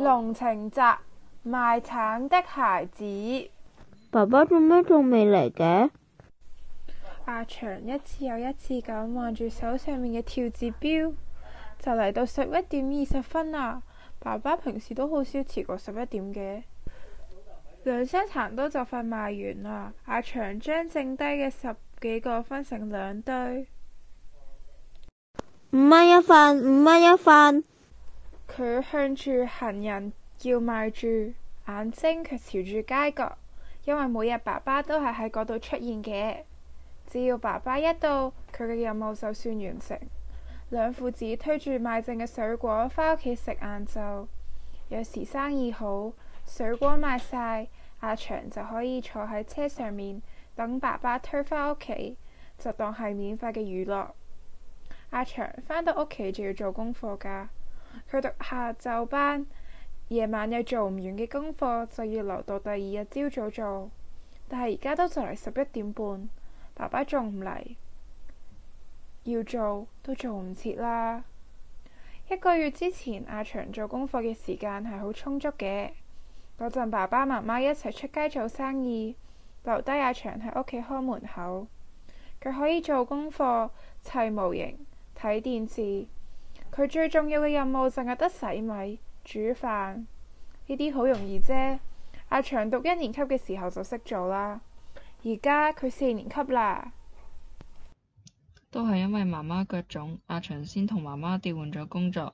濃情集賣橙的孩子，爸爸做咩仲未嚟嘅？阿祥一次又一次咁望住手上面嘅跳字錶，就嚟到十一點二十分啦！爸爸平時都好少遲過十一點嘅。兩箱橙都就快賣完啦，阿祥將剩低嘅十幾個分成兩堆，五蚊一份，五蚊一份。佢向住行人叫賣住，眼睛卻朝住街角，因為每日爸爸都係喺嗰度出現嘅。只要爸爸一到，佢嘅任務就算完成。兩父子推住賣剩嘅水果返屋企食晏晝，有時生意好，水果賣晒，阿祥就可以坐喺車上面等爸爸推返屋企，就當係免費嘅娛樂。阿祥返到屋企就要做功課㗎。佢讀下晝班，夜晚有做唔完嘅功課，就要留到第二日朝早做。但係而家都就嚟十一點半，爸爸仲唔嚟，要做都做唔切啦。一個月之前，阿祥做功課嘅時間係好充足嘅。嗰陣爸爸媽媽一齊出街做生意，留低阿祥喺屋企看門口，佢可以做功課、砌模型、睇電視。佢最重要嘅任務就係得洗米煮飯，呢啲好容易啫。阿祥讀一年級嘅時候就識做啦，而家佢四年級啦。都係因為媽媽腳腫，阿祥先同媽媽調換咗工作。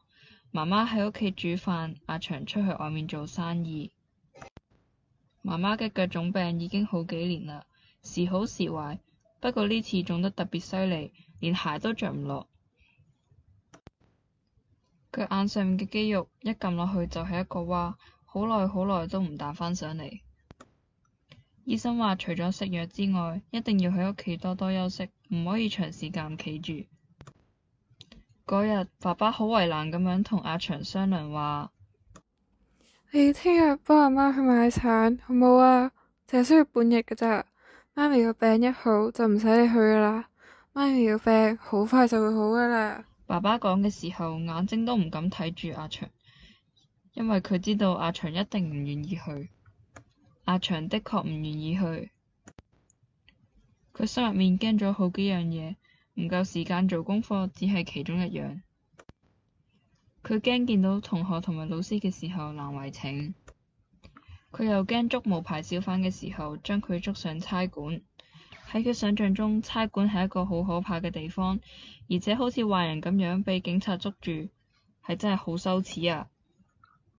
媽媽喺屋企煮飯，阿祥出去外面做生意。媽媽嘅腳腫病已經好幾年啦，時好時壞。不過呢次腫得特別犀利，連鞋都着唔落。佢眼上面嘅肌肉一撳落去就係一個洼，好耐好耐都唔彈翻上嚟。醫生話除咗食藥之外，一定要喺屋企多多休息，唔可以長時間企住。嗰日 爸爸好為難咁樣同阿祥商量話：你聽日幫阿媽去買橙好唔好啊？淨係需要半日噶咋。媽咪個病一好就唔使你去啦。媽咪個病好快就會好噶啦。爸爸講嘅時候，眼睛都唔敢睇住阿祥，因為佢知道阿祥一定唔願意去。阿祥的確唔願意去，佢心入面驚咗好幾樣嘢，唔夠時間做功課只係其中一樣。佢驚見到同學同埋老師嘅時候難為情，佢又驚捉無牌小販嘅時候將佢捉上差館。喺佢想象中，差館係一個好可怕嘅地方，而且好似壞人咁樣被警察捉住，係真係好羞恥啊！